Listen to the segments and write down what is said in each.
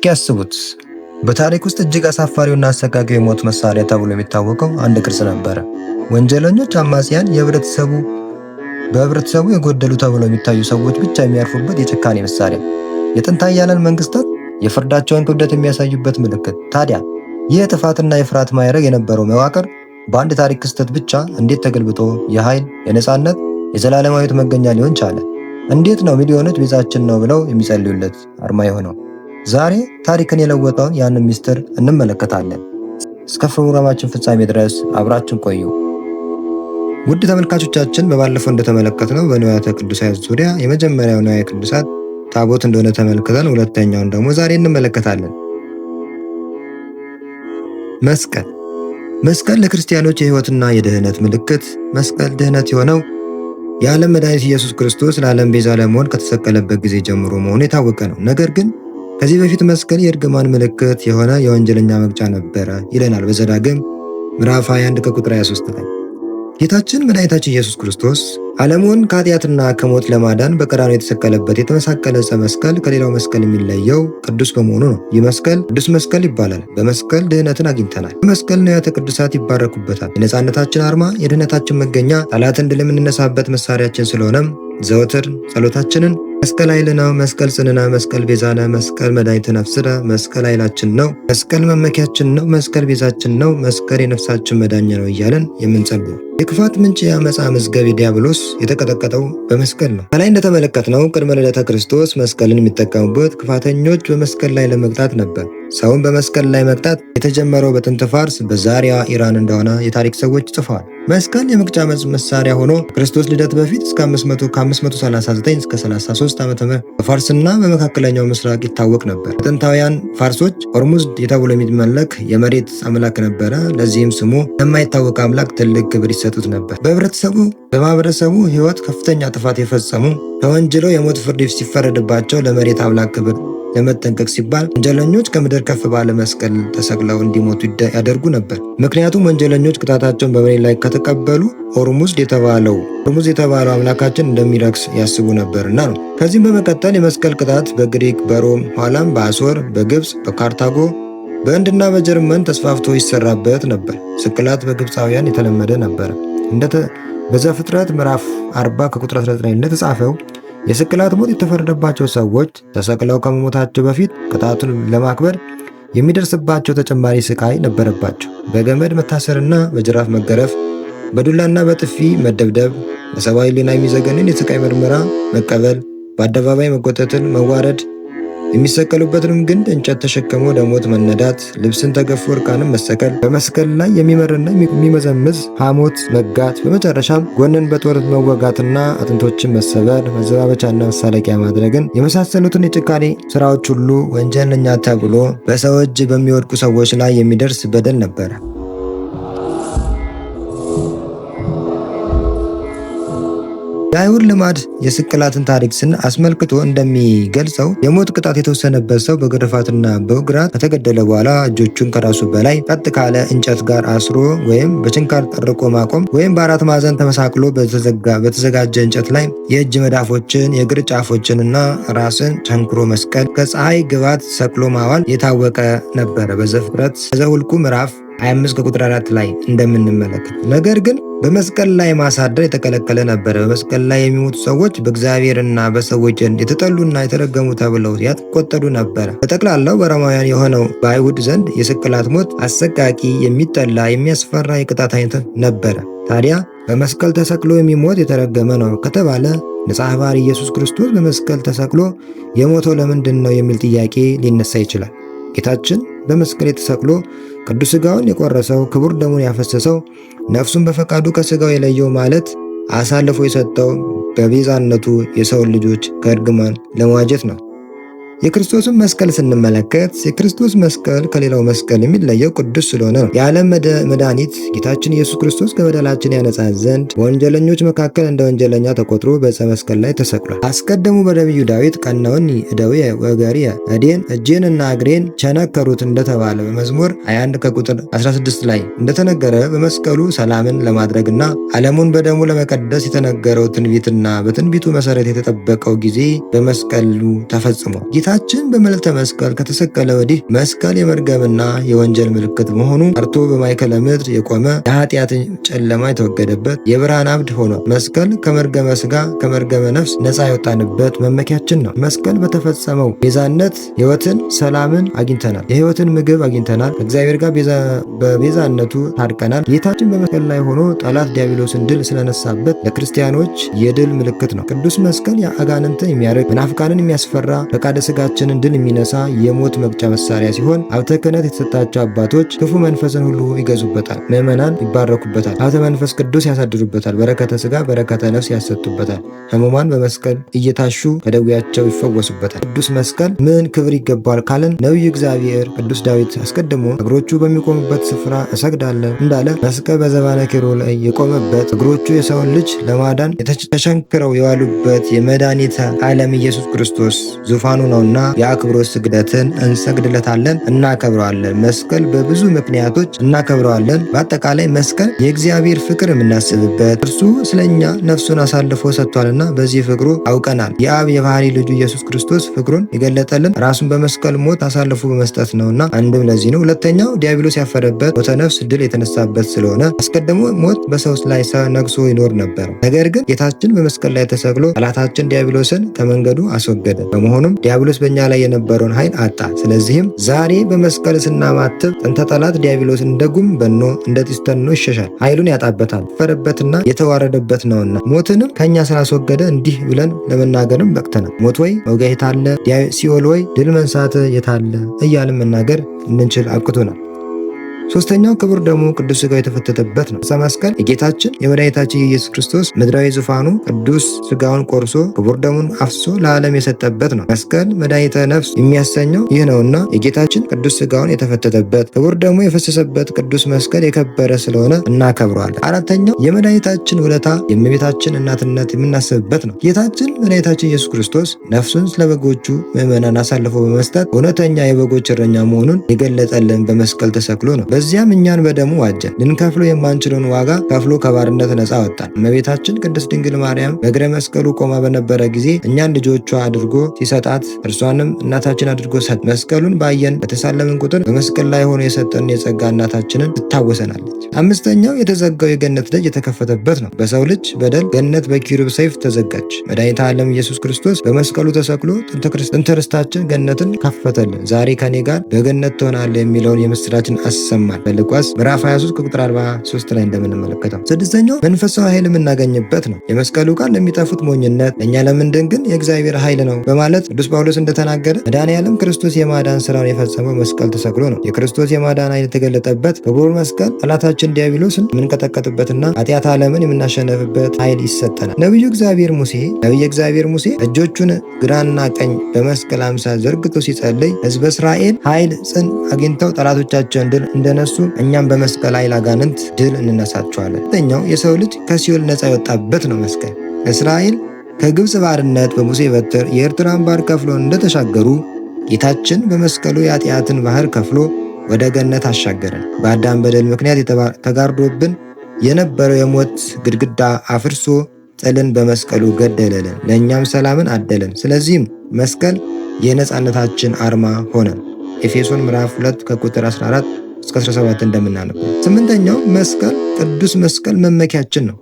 እስኪ ያስቡት በታሪክ ውስጥ እጅግ አሳፋሪውና አሰቃቂው የሞት መሳሪያ ተብሎ የሚታወቀው አንድ ቅርጽ ነበረ። ወንጀለኞች አማጽያን፣ የህብረተሰቡ በህብረተሰቡ የጎደሉ ተብሎ የሚታዩ ሰዎች ብቻ የሚያርፉበት የጭካኔ መሳሪያ፣ የጥንት ኃያላን መንግስታት የፍርዳቸውን ክብደት የሚያሳዩበት ምልክት። ታዲያ ይህ የጥፋትና የፍርሃት ማዕረግ የነበረው መዋቅር በአንድ ታሪክ ክስተት ብቻ እንዴት ተገልብጦ የኃይል፣ የነፃነት፣ የዘላለማዊት መገኛ ሊሆን ቻለ? እንዴት ነው ሚሊዮኖች ቤዛችን ነው ብለው የሚጸልዩለት አርማ የሆነው? ዛሬ ታሪክን የለወጠውን ያንን ምስጢር እንመለከታለን። እስከ ፕሮግራማችን ፍጻሜ ድረስ አብራችን ቆዩ። ውድ ተመልካቾቻችን በባለፈው እንደተመለከትነው በንዋያተ ቅዱሳት ዙሪያ የመጀመሪያው ንዋየ ቅዱሳት ታቦት እንደሆነ ተመልክተን ሁለተኛውን ደግሞ ዛሬ እንመለከታለን። መስቀል መስቀል ለክርስቲያኖች የሕይወትና የድህነት ምልክት። መስቀል ድህነት የሆነው የዓለም መድኃኒት ኢየሱስ ክርስቶስ ለዓለም ቤዛ ለመሆን ከተሰቀለበት ጊዜ ጀምሮ መሆኑ የታወቀ ነው። ነገር ግን ከዚህ በፊት መስቀል የእርግማን ምልክት የሆነ የወንጀለኛ መቅጫ ነበረ ይለናል በዘዳግም ምዕራፍ 21 ከቁጥር 23 ላይ። ጌታችን መድኃኒታችን ኢየሱስ ክርስቶስ ዓለሙን ከኃጢአትና ከሞት ለማዳን በቀራኑ የተሰቀለበት የተመሳቀለ ዕፀ መስቀል ከሌላው መስቀል የሚለየው ቅዱስ በመሆኑ ነው። ይህ መስቀል ቅዱስ መስቀል ይባላል። በመስቀል ድህነትን አግኝተናል። መስቀል ንዋያተ ቅዱሳት ይባረኩበታል። የነፃነታችን አርማ፣ የድህነታችን መገኛ፣ ጠላትን ድል የምንነሳበት መሳሪያችን ስለሆነም ዘወትር ጸሎታችንን መስቀል ነው መስቀል ጽንዕነ መስቀል ቤዛነ መስቀል መድኃኒተ ነፍስነ መስቀል ኃይላችን ነው፣ መስቀል መመኪያችን ነው፣ መስቀል ቤዛችን ነው፣ መስቀል የነፍሳችን መዳኛ ነው እያለን የምንጸልበው የክፋት ምንጭ የአመፃ መዝገብ ዲያብሎስ የተቀጠቀጠው በመስቀል ነው። ከላይ እንደተመለከትነው ቅድመ ልደተ ክርስቶስ መስቀልን የሚጠቀሙበት ክፋተኞች በመስቀል ላይ ለመቅጣት ነበር። ሰውን በመስቀል ላይ መቅጣት የተጀመረው በጥንት ፋርስ በዛሪያ ኢራን እንደሆነ የታሪክ ሰዎች ጽፈዋል። መስቀል የመቅጫ መሳሪያ ሆኖ ክርስቶስ ልደት በፊት እስከ 539 እስከ 33 ዓ ም በፋርስና በመካከለኛው ምስራቅ ይታወቅ ነበር። ጥንታውያን ፋርሶች ኦርሙዝድ የተብሎ የሚመለክ የመሬት አምላክ ነበረ። ለዚህም ስሙ ለማይታወቅ አምላክ ትልቅ ክብር ይሰ ይሰጡት ነበር። በህብረተሰቡ በማህበረሰቡ ህይወት ከፍተኛ ጥፋት የፈጸሙ ተወንጅለው የሞት ፍርድ ሲፈረድባቸው ለመሬት አምላክ ክብር ለመጠንቀቅ ሲባል ወንጀለኞች ከምድር ከፍ ባለ መስቀል ተሰቅለው እንዲሞቱ ያደርጉ ነበር። ምክንያቱም ወንጀለኞች ቅጣታቸውን በመሬት ላይ ከተቀበሉ ኦርሙዝ የተባለው ኦርሙዝ የተባለው አምላካችን እንደሚረክስ ያስቡ ነበርና ነው። ከዚህም በመቀጠል የመስቀል ቅጣት በግሪክ፣ በሮም ኋላም በአሶር፣ በግብፅ፣ በካርታጎ በህንድና በጀርመን ተስፋፍቶ ይሰራበት ነበር። ስቅላት በግብፃውያን የተለመደ ነበር። በዘፍጥረት ምዕራፍ 40 ከቁጥር 19 እንደተጻፈው የስቅላት ሞት የተፈረደባቸው ሰዎች ተሰቅለው ከመሞታቸው በፊት ቅጣቱን ለማክበር የሚደርስባቸው ተጨማሪ ስቃይ ነበረባቸው። በገመድ መታሰርና በጅራፍ መገረፍ፣ በዱላና በጥፊ መደብደብ፣ በሰብአዊ ሊና የሚዘገንን የስቃይ ምርመራ መቀበል፣ በአደባባይ መጎተትን፣ መዋረድ የሚሰቀሉበትንም ግንድ እንጨት ተሸክሞ ለሞት መነዳት፣ ልብስን ተገፎ እርቃንም መሰቀል፣ በመስቀል ላይ የሚመርና የሚመዘምዝ ሐሞት መጋት፣ በመጨረሻም ጎንን በጦር መወጋትና አጥንቶችን መሰበር፣ መዘባበቻና መሳለቂያ ማድረግን የመሳሰሉትን የጭካኔ ስራዎች ሁሉ ወንጀለኛ ተብሎ በሰው እጅ በሚወድቁ ሰዎች ላይ የሚደርስ በደል ነበረ። የአይሁድ ልማድ የስቅላትን ታሪክ ስን አስመልክቶ እንደሚገልጸው የሞት ቅጣት የተወሰነበት ሰው በግርፋትና በውግራት ከተገደለ በኋላ እጆቹን ከራሱ በላይ ቀጥ ካለ እንጨት ጋር አስሮ ወይም በችንካር ጠርቆ ማቆም ወይም በአራት ማዕዘን ተመሳቅሎ በተዘጋጀ እንጨት ላይ የእጅ መዳፎችን የእግር ጫፎችን ራስን ቸንክሮ መስቀል ከፀሐይ ግባት ሰቅሎ ማዋል የታወቀ ነበረ። በዘፍጥረት ዘኍልቍ ምዕራፍ 25 ከቁጥር 4 ላይ እንደምንመለከት ነገር ግን በመስቀል ላይ ማሳደር የተከለከለ ነበር። በመስቀል ላይ የሚሞቱ ሰዎች በእግዚአብሔርና በሰዎች ዘንድ የተጠሉና የተረገሙ ተብለው ያትቆጠሩ ነበር። በጠቅላላው በሮማውያን የሆነው በአይሁድ ዘንድ የስቅላት ሞት አሰቃቂ፣ የሚጠላ፣ የሚያስፈራ የቅጣት አይነት ነበረ። ታዲያ በመስቀል ተሰቅሎ የሚሞት የተረገመ ነው ከተባለ ንጽሐ ባሕርይ ኢየሱስ ክርስቶስ በመስቀል ተሰቅሎ የሞተው ለምንድን ነው የሚል ጥያቄ ሊነሳ ይችላል። ጌታችን በመስቀል የተሰቅሎ ቅዱስ ሥጋውን የቆረሰው ክቡር ደሙን ያፈሰሰው ነፍሱን በፈቃዱ ከሥጋው የለየው ማለት አሳልፎ የሰጠው በቤዛነቱ የሰውን ልጆች ከእርግማን ለመዋጀት ነው። የክርስቶስን መስቀል ስንመለከት የክርስቶስ መስቀል ከሌላው መስቀል የሚለየው ቅዱስ ስለሆነ ነው። የዓለም መድኃኒት ጌታችን ኢየሱስ ክርስቶስ ከበደላችን ያነጻ ዘንድ በወንጀለኞች መካከል እንደ ወንጀለኛ ተቆጥሮ በዕፀ መስቀል ላይ ተሰቅሏል። አስቀድሞ በነቢዩ ዳዊት ቀናውኒ እደውየ ወገሪየ እዴን እጄን እና እግሬን ቸነከሩት እንደተባለ በመዝሙር 21 ከቁጥር 16 ላይ እንደተነገረ በመስቀሉ ሰላምን ለማድረግና ዓለሙን በደሙ ለመቀደስ የተነገረው ትንቢትና በትንቢቱ መሰረት የተጠበቀው ጊዜ በመስቀሉ ተፈጽሟል። ጌታችን በዕለተ መስቀል ከተሰቀለ ወዲህ መስቀል የመርገምና የወንጀል ምልክት መሆኑ ቀርቶ በማይከለ ምድር የቆመ የኃጢአት ጨለማ የተወገደበት የብርሃን አብድ ሆኗል። መስቀል ከመርገመ ስጋ ከመርገመ ነፍስ ነፃ የወጣንበት መመኪያችን ነው። መስቀል በተፈጸመው ቤዛነት ህይወትን፣ ሰላምን አግኝተናል። የህይወትን ምግብ አግኝተናል። ከእግዚአብሔር ጋር በቤዛነቱ ታርቀናል። ጌታችን በመስቀል ላይ ሆኖ ጠላት ዲያብሎስን ድል ስለነሳበት ለክርስቲያኖች የድል ምልክት ነው። ቅዱስ መስቀል የአጋንንትን የሚያርቅ መናፍቃንን የሚያስፈራ ፈቃደ ስጋ ሥጋችንን ድል የሚነሳ የሞት መቅጫ መሳሪያ ሲሆን ሀብተ ክህነት የተሰጣቸው አባቶች ክፉ መንፈስን ሁሉ ይገዙበታል። ምእመናን ይባረኩበታል። ሀብተ መንፈስ ቅዱስ ያሳድሩበታል። በረከተ ስጋ በረከተ ነፍስ ያሰጡበታል። ህሙማን በመስቀል እየታሹ ከደዌያቸው ይፈወሱበታል። ቅዱስ መስቀል ምን ክብር ይገባዋል ካልን ነቢዩ እግዚአብሔር ቅዱስ ዳዊት አስቀድሞ እግሮቹ በሚቆሙበት ስፍራ እሰግዳለን እንዳለ መስቀል በዘባነ ኪሮ ላይ የቆመበት እግሮቹ የሰውን ልጅ ለማዳን ተሸንክረው የዋሉበት የመድኃኒተ ዓለም ኢየሱስ ክርስቶስ ዙፋኑ ነው። ነውና የአክብሮት ስግደትን እንሰግድለታለን፣ እናከብረዋለን። መስቀል በብዙ ምክንያቶች እናከብረዋለን። በአጠቃላይ መስቀል የእግዚአብሔር ፍቅር የምናስብበት እርሱ ስለኛ ነፍሱን አሳልፎ ሰጥቷልና በዚህ ፍቅሩ አውቀናል። የአብ የባህሪ ልጁ ኢየሱስ ክርስቶስ ፍቅሩን የገለጠልን ራሱን በመስቀል ሞት አሳልፎ በመስጠት ነውና አንድም ለዚህ ነው። ሁለተኛው ዲያብሎስ ያፈረበት ሞተ ነፍስ ድል የተነሳበት ስለሆነ አስቀድሞ ሞት በሰው ላይ ነግሶ ይኖር ነበር። ነገር ግን ጌታችን በመስቀል ላይ ተሰቅሎ ጠላታችን ዲያብሎስን ከመንገዱ አስወገደ። በመሆኑም ዲያብሎስ ዲያብሎስ በእኛ ላይ የነበረውን ኃይል አጣ። ስለዚህም ዛሬ በመስቀል ስናማትብ ጥንተ ጠላት ዲያብሎስ እንደ ጉም በኖ እንደ ጢስተኖ ይሸሻል። ኃይሉን ያጣበታል። ፈረበትና የተዋረደበት ነውና ሞትንም ከእኛ ስላስወገደ እንዲህ ብለን ለመናገርም በቅተናል። ሞት ወይ መውጊያ የታለ? ሲኦል ወይ ድል መንሳት የታለ? እያልን መናገር እንችል አብቅቶናል። ሶስተኛው ክብር ደግሞ ቅዱስ ስጋው የተፈተተበት ነው። ዕፀ መስቀል የጌታችን የመድኃኒታችን የኢየሱስ ክርስቶስ ምድራዊ ዙፋኑ ቅዱስ ስጋውን ቆርሶ ክቡር ደሙን አፍሶ ለዓለም የሰጠበት ነው። መስቀል መድኃኒተ ነፍስ የሚያሰኘው ይህ ነውና የጌታችን ቅዱስ ስጋውን የተፈተተበት ክቡር ደግሞ የፈሰሰበት ቅዱስ መስቀል የከበረ ስለሆነ እናከብረዋለን። አራተኛው የመድኃኒታችን ውለታ የእመቤታችን እናትነት የምናስብበት ነው። ጌታችን መድኃኒታችን ኢየሱስ ክርስቶስ ነፍሱን ስለ በጎቹ ምዕመናን አሳልፎ በመስጠት እውነተኛ የበጎች እረኛ መሆኑን የገለጠልን በመስቀል ተሰቅሎ ነው። በዚያም እኛን በደሙ ዋጀን፣ ልንከፍሎ የማንችለውን ዋጋ ከፍሎ ከባርነት ነፃ ወጣን። እመቤታችን ቅድስት ድንግል ማርያም በእግረ መስቀሉ ቆማ በነበረ ጊዜ እኛን ልጆቿ አድርጎ ሲሰጣት እርሷንም እናታችን አድርጎ ሰጥ መስቀሉን ባየን በተሳለምን ቁጥር በመስቀል ላይ ሆኖ የሰጠን የጸጋ እናታችንን ትታወሰናለች። አምስተኛው የተዘጋው የገነት ደጅ የተከፈተበት ነው። በሰው ልጅ በደል ገነት በኪሩብ ሰይፍ ተዘጋች። መድኃኒተ ዓለም ኢየሱስ ክርስቶስ በመስቀሉ ተሰቅሎ ጥንተ ርስታችን ገነትን ከፈተልን። ዛሬ ከኔ ጋር በገነት ትሆናለህ የሚለውን የምስራችን አሰማ ይሰማል። በሉቃስ ምዕራፍ 23 ቁጥር 43 ላይ እንደምንመለከተው። ስድስተኛው መንፈሳዊ ኃይል የምናገኝበት ነው። የመስቀሉ ቃል ለሚጠፉት ሞኝነት፣ ለእኛ ለምንድን ግን የእግዚአብሔር ኃይል ነው በማለት ቅዱስ ጳውሎስ እንደተናገረ መድኃኔዓለም ክርስቶስ የማዳን ስራውን የፈጸመው መስቀል ተሰቅሎ ነው። የክርስቶስ የማዳን ኃይል የተገለጠበት በብሩር መስቀል ጠላታችን ዲያብሎስን የምንቀጠቀጥበትና ኃጢአት ዓለምን የምናሸነፍበት ኃይል ይሰጠናል። ነቢዩ እግዚአብሔር ሙሴ ነቢየ እግዚአብሔር ሙሴ እጆቹን ግራና ቀኝ በመስቀል አምሳል ዘርግቶ ሲጸልይ ህዝበ እስራኤል ኃይል ጽን አግኝተው ጠላቶቻቸው ድል እንደ ስለተነሱ እኛም በመስቀል ኃይል አጋንንት ድል እንነሳቸዋለን። ሁለተኛው የሰው ልጅ ከሲኦል ነፃ የወጣበት ነው መስቀል። እስራኤል ከግብፅ ባርነት በሙሴ በትር የኤርትራን ባህር ከፍሎ እንደተሻገሩ ጌታችን በመስቀሉ የኃጢአትን ባህር ከፍሎ ወደ ገነት አሻገረን። በአዳም በደል ምክንያት ተጋርዶብን የነበረው የሞት ግድግዳ አፍርሶ ጥልን በመስቀሉ ገደለልን፣ ለእኛም ሰላምን አደለን። ስለዚህም መስቀል የነፃነታችን አርማ ሆነ። ኤፌሶን ምዕራፍ 2 ከቁጥር 14 እስከ 17 እንደምናነበው። ስምንተኛው መስቀል ቅዱስ መስቀል መመኪያችን ነው።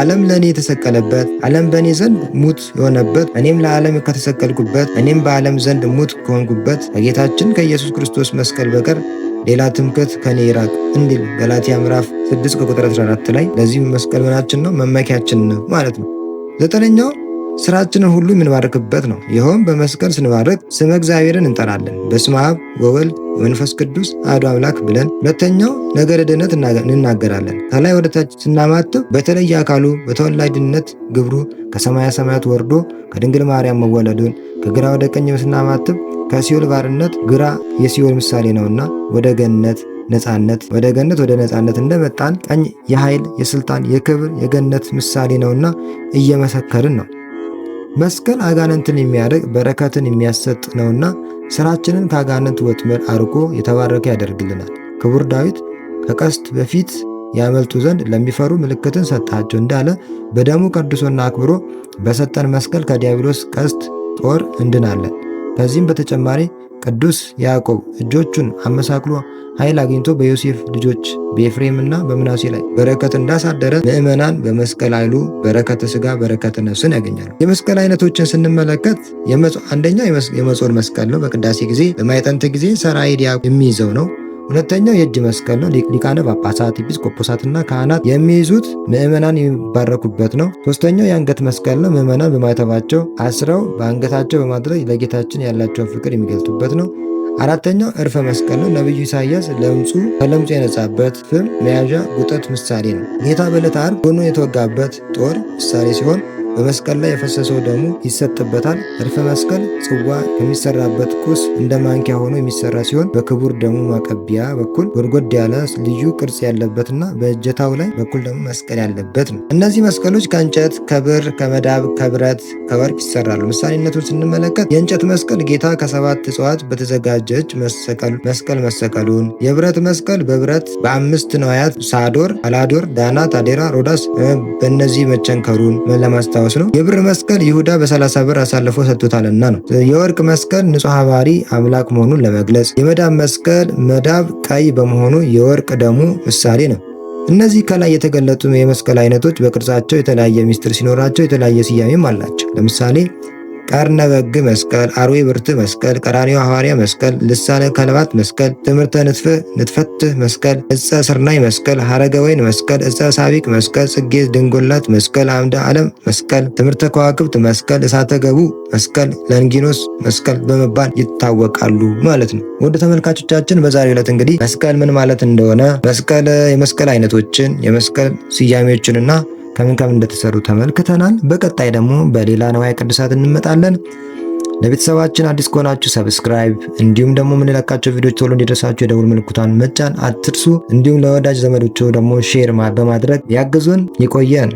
ዓለም ለእኔ የተሰቀለበት ዓለም በእኔ ዘንድ ሙት የሆነበት እኔም ለዓለም ከተሰቀልኩበት እኔም በዓለም ዘንድ ሙት ከሆንኩበት ከጌታችን ከኢየሱስ ክርስቶስ መስቀል በቀር ሌላ ትምክህት ከኔ ይራቅ እንዲል ገላትያ ምዕራፍ 6 ከቁጥር 14 ላይ ለዚህ መስቀል ምናችን ነው መመኪያችን ነው ማለት ነው። ዘጠነኛው ስራችንን ሁሉ የምንባርክበት ነው። ይኸውም በመስቀል ስንባርክ ስመ እግዚአብሔርን እንጠራለን። በስመ አብ ወወልድ መንፈስ ቅዱስ አሐዱ አምላክ ብለን። ሁለተኛው ነገረ ድኅነት እንናገራለን። ከላይ ወደታች ስናማትብ በተለየ አካሉ በተወላጅነት ግብሩ ከሰማያ ሰማያት ወርዶ ከድንግል ማርያም መወለዱን፣ ከግራ ወደ ቀኝ ስናማትብ ከሲኦል ባርነት ግራ የሲኦል ምሳሌ ነውና ወደ ገነት ነጻነት ወደ ገነት ወደ ነጻነት እንደመጣን ቀኝ የኃይል የስልጣን የክብር የገነት ምሳሌ ነውና እየመሰከርን ነው። መስቀል አጋንንትን የሚያደርግ በረከትን የሚያሰጥ ነውና ስራችንን ከአጋንንት ወጥመድ አርቆ የተባረከ ያደርግልናል። ክቡር ዳዊት ከቀስት በፊት ያመልጡ ዘንድ ለሚፈሩ ምልክትን ሰጣቸው እንዳለ በደሙ ቀድሶና አክብሮ በሰጠን መስቀል ከዲያብሎስ ቀስት ጦር እንድናለን። ከዚህም በተጨማሪ ቅዱስ ያዕቆብ እጆቹን አመሳቅሎ ኃይል አግኝቶ በዮሴፍ ልጆች በኤፍሬምና በምናሴ ላይ በረከት እንዳሳደረ ምዕመናን በመስቀል ኃይሉ በረከተ ስጋ በረከተ ነፍስን ያገኛሉ። የመስቀል አይነቶችን ስንመለከት አንደኛው የመጾር መስቀል ነው። በቅዳሴ ጊዜ በማይጠንት ጊዜ ሰራይ የሚይዘው ነው። ሁለተኛው የእጅ መስቀል ነው። ሊቃነ ጳጳሳት፣ ኤጲስቆጶሳትና ካህናት የሚይዙት ምዕመናን የሚባረኩበት ነው። ሶስተኛው የአንገት መስቀል ነው። ምዕመናን በማይተባቸው አስረው በአንገታቸው በማድረግ ለጌታችን ያላቸውን ፍቅር የሚገልጡበት ነው። አራተኛው እርፈ መስቀል ነው። ነቢዩ ኢሳያስ ለምጹ ከለምጹ የነጻበት ፍም መያዣ ጉጠት ምሳሌ ነው። ጌታ በዕለተ ዓርብ ጎኑ የተወጋበት ጦር ምሳሌ ሲሆን በመስቀል ላይ የፈሰሰው ደሙ ይሰጥበታል። እድፈ መስቀል ጽዋ ከሚሰራበት ቁስ እንደ ማንኪያ ሆኖ የሚሰራ ሲሆን በክቡር ደሙ ማቀቢያ በኩል ጎድጎድ ያለ ልዩ ቅርጽ ያለበትና በእጀታው ላይ በኩል ደግሞ መስቀል ያለበት ነው። እነዚህ መስቀሎች ከእንጨት፣ ከብር፣ ከመዳብ፣ ከብረት፣ ከወርቅ ይሰራሉ። ምሳሌነቱን ስንመለከት የእንጨት መስቀል ጌታ ከሰባት እጽዋት በተዘጋጀች መስቀል መሰቀሉን፣ የብረት መስቀል በብረት በአምስት ነዋያት ሳዶር፣ አላዶር፣ ዳና፣ ታዴራ፣ ሮዳስ በእነዚህ መቸንከሩን ለማስታወ ነው የብር መስቀል ይሁዳ በ30 ብር አሳልፎ ሰጥቶታልና ነው። የወርቅ መስቀል ንጹሕ ሐባሪ አምላክ መሆኑን ለመግለጽ፣ የመዳብ መስቀል መዳብ ቀይ በመሆኑ የወርቅ ደሙ ምሳሌ ነው። እነዚህ ከላይ የተገለጡ የመስቀል አይነቶች በቅርጻቸው የተለያየ ሚስጥር ሲኖራቸው የተለያየ ስያሜም አላቸው። ለምሳሌ ቀርነ በግ መስቀል፣ አርዌ ብርት መስቀል፣ ቀራኒዮ ሐዋርያ መስቀል፣ ልሳነ ከለባት መስቀል፣ ትምህርተ ንጥፍ ንጥፈትህ መስቀል፣ እፀ ስርናይ መስቀል፣ ሐረገ ወይን መስቀል፣ እፀ ሳቢቅ መስቀል፣ ጽጌ ድንጎላት መስቀል፣ አምደ ዓለም መስቀል፣ ትምህርተ ከዋክብት መስቀል፣ እሳተ ገቡ መስቀል፣ ለንጊኖስ መስቀል በመባል ይታወቃሉ ማለት ነው። ወደ ተመልካቾቻችን በዛሬ ዕለት እንግዲህ መስቀል ምን ማለት እንደሆነ መስቀል የመስቀል አይነቶችን የመስቀል ስያሜዎችንና ከምን ከምን እንደተሰሩ ተመልክተናል። በቀጣይ ደግሞ በሌላ ንዋየ ቅድሳት እንመጣለን። ለቤተሰባችን አዲስ ከሆናችሁ ሰብስክራይብ፣ እንዲሁም ደግሞ የምንለቃቸው ቪዲዮች ቶሎ እንዲደርሳችሁ የደውል ምልክቷን መጫን አትርሱ። እንዲሁም ለወዳጅ ዘመዶች ደግሞ ሼር በማድረግ ያግዙን። ይቆየን።